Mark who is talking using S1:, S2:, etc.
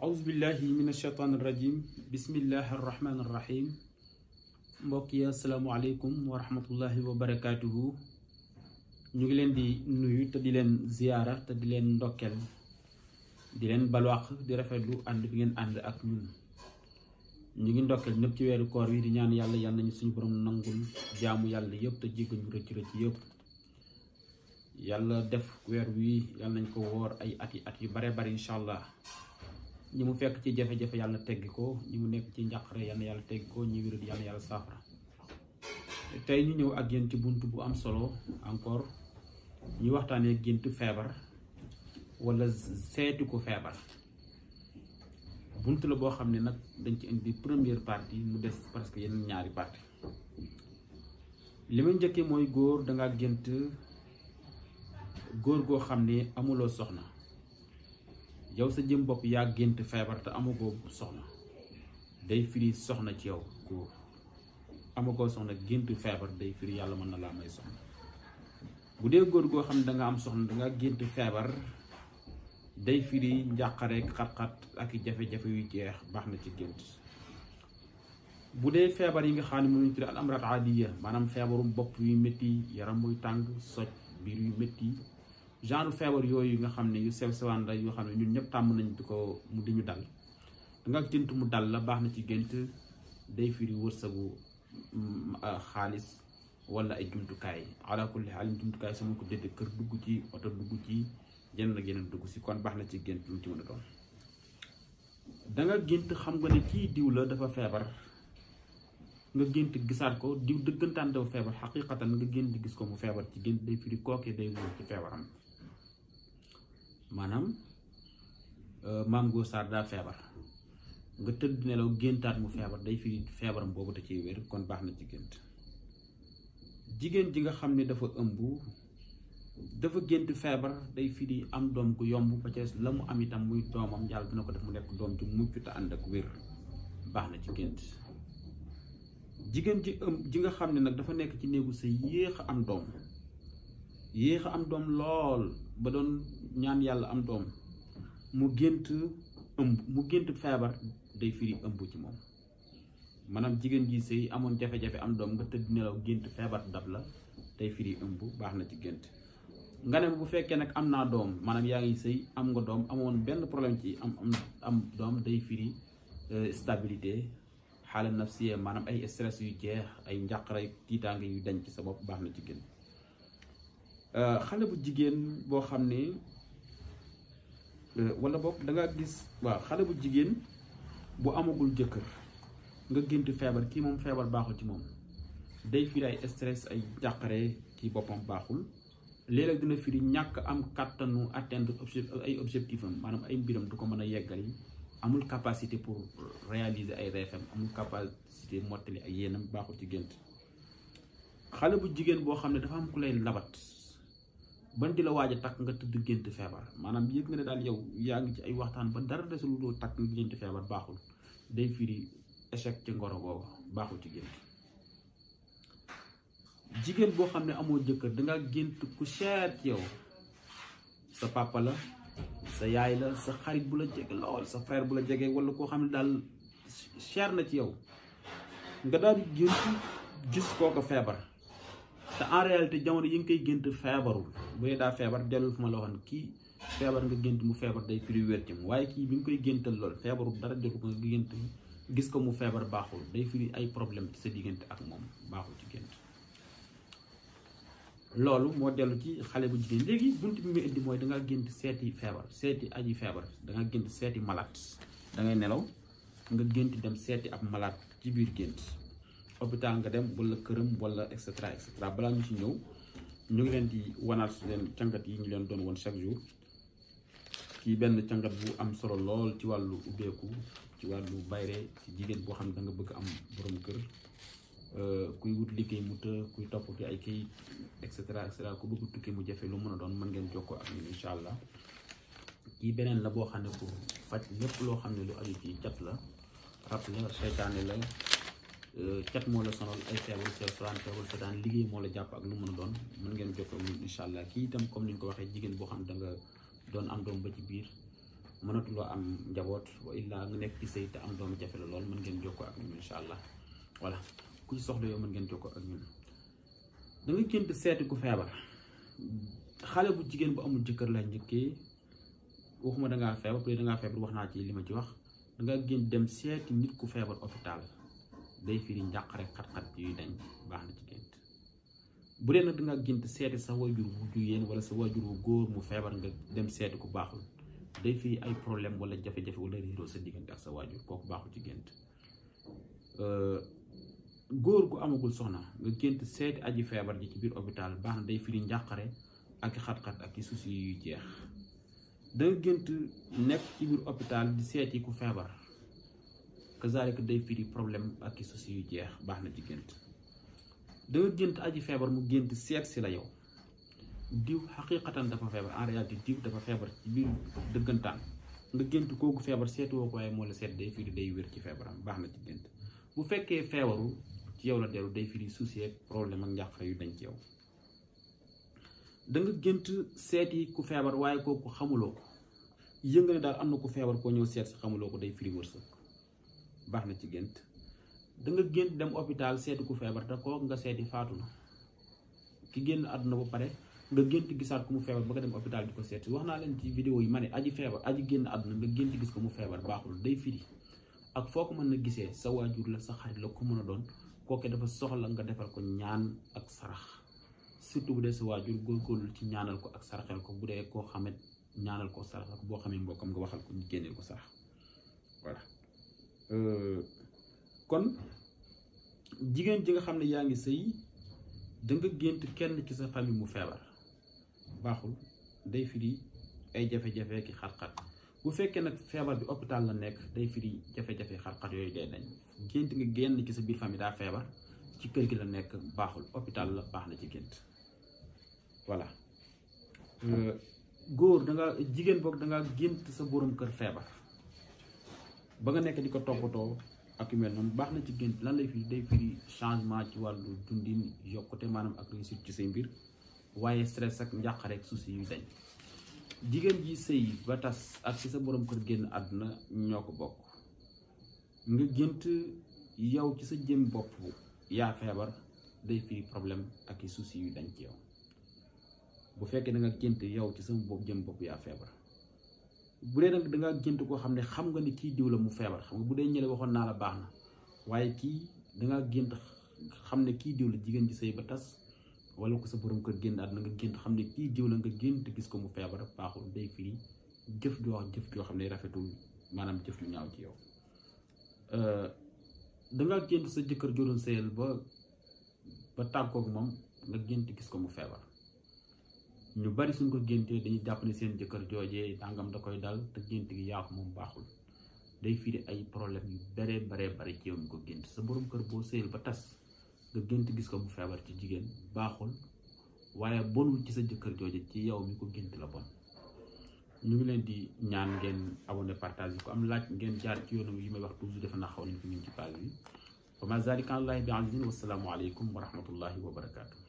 S1: aus billahi min alsheytaan irrajim bismillahi arrahmani irrahim mbokk yi asalaamualeykum wa rahmatullahi wa barakaatuhu ñu ngi leen di nuyu te di leen ziyaara te di leen ndokkeel di leen balwaq di rafet lu ànd bi ngeen ànd ak ñun ñu ngi ndokkeel ñëpp ci weeru koor wi di ñaan yàlla yàlla nañu suñu borom nangul jaamu yàlla yëpp te jéggal ñu rëcc rëcc yëpp yàlla def weer wi yàlla nañ ko woor ay at yi at yu bare bare incha allah ñi mu fekk ci jafe-jafe yàlla teggi ko ñi mu nekk ci njàqare yàlla yàlla teggi ko ñi wér yàlla yàlla saafara tey ñu ñëw ak yéen ci bunt bu am solo encore ñu waxtaanee gént feebar wala seeti ko feebar bunt la boo xam ne nag dañ ci indi première partie mu des presque yeneen ñaari partie li may njëkkee mooy góor danga gént góor goo xam ne amuloo soxna yow sa jëm bopp yaa gént feebar te amagoo soxna day firi soxna ci yow góor amagoo soxna gént feebar day firi yàlla mën na laa may soxna bu dee góor goo xam ne danga am soxna danga gént feebar day firi njàqare xat-xat ak jafe-jafe yu jeex baax na ci gént bu dee feebar yi nga xam ne mënuñ tuddee al amrat aadiya maanaam feebaru bopp yuy métti yaram muy tàng soj biir yu métti genre feebar yooyu nga xam ne yu sew sewaan la yoo xam ne ñun ñëpp tàmm nañ di ko mu di ñu dal danga gént mu dal la baax na ci gént day firi wërsëgu mm, ah, xaalis wala ay jumtukaay ala kulli xaal jumtukaay sama ko dédd kër dugg ci oto dugg ci yeneen ak yeneen dugg si kon baax na ci gént lu ci mën a doon danga gént xam nga ne ci diw la dafa feebar nga gént gisaat ko diw dëggantaan dafa feebar xaqiqatan nga gént gis ko mu feebar ci gént day firi kookee day wóor ci feebaram maanaam euh, maam Góor Sarr daa feebar nga tëdd nelaw géntaat mu feebar day firi feebaram boobu da ciy wér kon baax na ci gént jigéen ji nga xam ne dafa ëmb dafa gént feebar day firi am doom gu yomb ba la mu am itam muy doomam du dina ko def mu nekk doom ju mucc te ànd ak wér baax na ci gént jigéen ji ëmb ji nga xam ne nag dafa nekk ci néegu sa yéex am doom yéex a am doom lool ba doon ñaan yàlla am doom mu gént ëmb mu gént feebar day firi ëmb ci moom maanaam jigéen ji sëy amoon jafe-jafe am doom nga tëdd nelaw gént feebar dab la day firi ëmb baax na ci gént nga ne bu fekkee nag am naa doom maanaam yaa ngi sëy am nga doom amoon benn problème ci am am am doom day firi euh, stabilité xaala nafsiya maanaam ay stress yu jeex ay njàqare tiitaange yu dañ ci sa bopp baax na ci génn Euh, xale bu jigéen boo xam ne euh, wala boog danga gis waaw xale bu jigéen bu amagul jëkkër nga gént feebar kii moom feebar baaxul ci moom day firi ay stress ay jàqare kii boppam baaxul léeg-léeg dina firi ñàkk am kàttanu atteindre ay maanaam ay mbiram du ko mën a yeggali amul capacité pour réaliser ay rêve amul capacité mottali ay yéenam baaxul ci gént xale bu jigéen boo xam ne dafa am ku lay labat ban di la waaj a takk nga tëdd gént feebar maanaam yëg nga ne daal yow yaa ngi ci ay waxtaan ba dara desul doo takk nga gént feebar baaxul day firi échec ci ngoro googu baaxul ci gént jigéen boo xam ne amoo jëkkër danga gént ku cher ci yow sa papa la sa yaay la sa xarit bu la jege lool sa frère bu la jege wala koo xam ne daal cher na ci yow nga daal di gént gis kooku feebar te en réalité jamono yi nga koy gént feebarul bu dee daa feebar dellul fu ma la kii feebar nga gént mu feebar day firi wér ci waaye kii bi nga koy géntal lool feebarul dara jotu ko gis ko mu feebar baaxul day firi ay problème sa diggante ak moom baaxul ci gént loolu moo dellu ci xale bu jigéen léegi bunt bi muy indi mooy danga gént seeti feebar seeti aji feebar dangay gént seeti malaat dangay nelaw nga gént dem seeti ab malaat ci biir gént hôpital nga dem wala këram wala et cetera balaa ñu ci ñëw ñu ngi leen di wanaat su leen cangat yi ñu leen doon woon chaque jour ci benn cangat bu am solo lool ci wàllu ubbeeku ci wàllu bayre ci jigéen boo xam ne da nga bëgg am borom kër euh, kuy wut liggéey mu të kuy toppatoo ay kayit et cetera et cetera ku bëgg tukki mu jafe lu mën a doon mën ngeen jokkoo ak ñun incha allah kii beneen la boo xam ne ku faj lépp loo xam ne lu aju ci cat la rab la seytaane la cat euh, moo la sonal ay feebar sa faraan feebar sa daan liggéey moo la jàpp ak lu mën a ngeen jokkoo ñun incha kii itam comme ni ñu ko waxee jigéen boo xam da doon am doom ba ci biir mënatuloo am njaboot wa illaa nga nekk ci sëy am doom jafe la lool mën ngeen jokkoo ak ñun incha allah voilà ku soxla yow mën ngeen jokkoo ak ñun da nga ku feebar xale bu jigéen bu amul jëkkër la njëkkee waxuma dangaa feebar peut-être dangaa feebar wax naa ci li ma ci wax danga gént dem seeti nit ku feebar hôpital day firi njàqare xat-xat yuy dañ baax na ci gént bu dee nag danga gént seeti sa waajur wu jigéen wala sa waajur wu góor mu feebar nga dem seeti ku baaxul day firi ay problème wala jafe-jafe wala réeroo sa ak sa waajur kooku baaxul ci gént góor gu amagul soxna nga gént seeti aji feebar ji ci biir hôpital baax na day firi njàqare ak xat-xat ak i soucis yuy jeex danga gént nekk ci biir hôpital di seeti ku feebar kazaalika day firi problème ak i soucis yu jeex baax na ci gént doo gént aji feebar mu gént seet si la yow diw xaqiqatan dafa feebar en réalité diw dafa feebar ci biir dëggantaan nga gént kooku feebar seetu woo ko waaye moo la seet day firi day wér ci feebaram baax na ci gént bu fekkee feebaru ci yow la dellu day firi soucis problème ak njàqare yu dañ ci yow da nga gént seeti ku feebar waaye kooku xamuloo ko yënga ne daal am na ku feebar koo ñëw seet xamuloo ko day firi baax na ci gént danga nga gént dem hôpital seetu ku feebar te kook nga seeti faatu na ki génn àdduna ba pare nga gént gisaat ku mu feebar ba nga dem hôpital di ko seeti wax naa leen ci vidéo yi ma ne aji feebar aji génn àdduna nga gént gis ko mu feebar baaxul day firi ak foo ko mën na gisee sa waajur la sa xarit la ko mën a doon kooke dafa soxla nga defal ko ñaan ak sarax surtout bu dee sa waajur góorgóorlu ci ñaanal ko ak saraxel ko bu dee koo xamee ñaanal ko saraxel boo xamee mbokkam nga waxal ko ñu génneel ko sarax Euh, kon jigéen ji nga xam ne yaa ngi sëy da gént kenn ci sa famille mu feebar baaxul day firi ay jafe-jafe ki xat bu fekkee nag feebar bi hôpital la nekk day firi jafe-jafe xat-xat yooyu day dañ gént nga génn ci sa biir famille daa feebar ci kër gi la nekk baaxul hôpital la baax na ci gént voilà euh, góor danga jigéen boog danga gént sa borom kër feebar ba nga nekk di ko toppatoo ak yu mel mu baax na ci gént lan lay firi day firi changement ci wàllu dundin yokkute maanaam ak réussite ci say mbir waaye stress ak njàq rek soucis yu dañ jigéen ji sëy ba tas ak ci sa borom kër génn àdduna ñoo ko bokk nga gént yow ci sa jëm bopp yaa feebar day firi problème ak i soucis yu dañ ci yow bu fekkee da nga gént yow ci sa jëm bopp yaa feebar bu dee nag dangaa gént koo xam ne xam nga ni kii diw la mu feebar xam nga bu dee ñële waxoon naa la baax na waaye kii dangaa gént xam ne kii diw la jigéen ji sëy ba tas wala ko sa borom kër génn àdduna nga gént xam ne kii diw la nga gént gis ko mu feebar baaxul day firi jëf joo wax jëf joo xam ne rafetul maanaam jëf ju ñaaw ci yow dangaa gént sa jëkkër joo doon sëyal ba ba tàggoog moom nga gént gis ko mu feebar ñu bari suñ ko géntee dañuy jàpp ne seen jëkkër joojee tàngam da koy dal te gént gi yaa ko moom baaxul day firi ay problème yu baree baree bare ci yow mi ko gént sa borom kër boo sëyal ba tas nga gént gis ko mu feebar ci jigéen baaxul waaye bonul ci sa jëkkër jooje ci yow mi ko gént la bon ñu ngi leen di ñaan ngeen abonné partage yi ko am laaj ngeen jaar ci yoonu yi may wax toujours defe naa xaw nañ ko ñu ci page bi wa ma zalika allahi bi aziz wa salaamu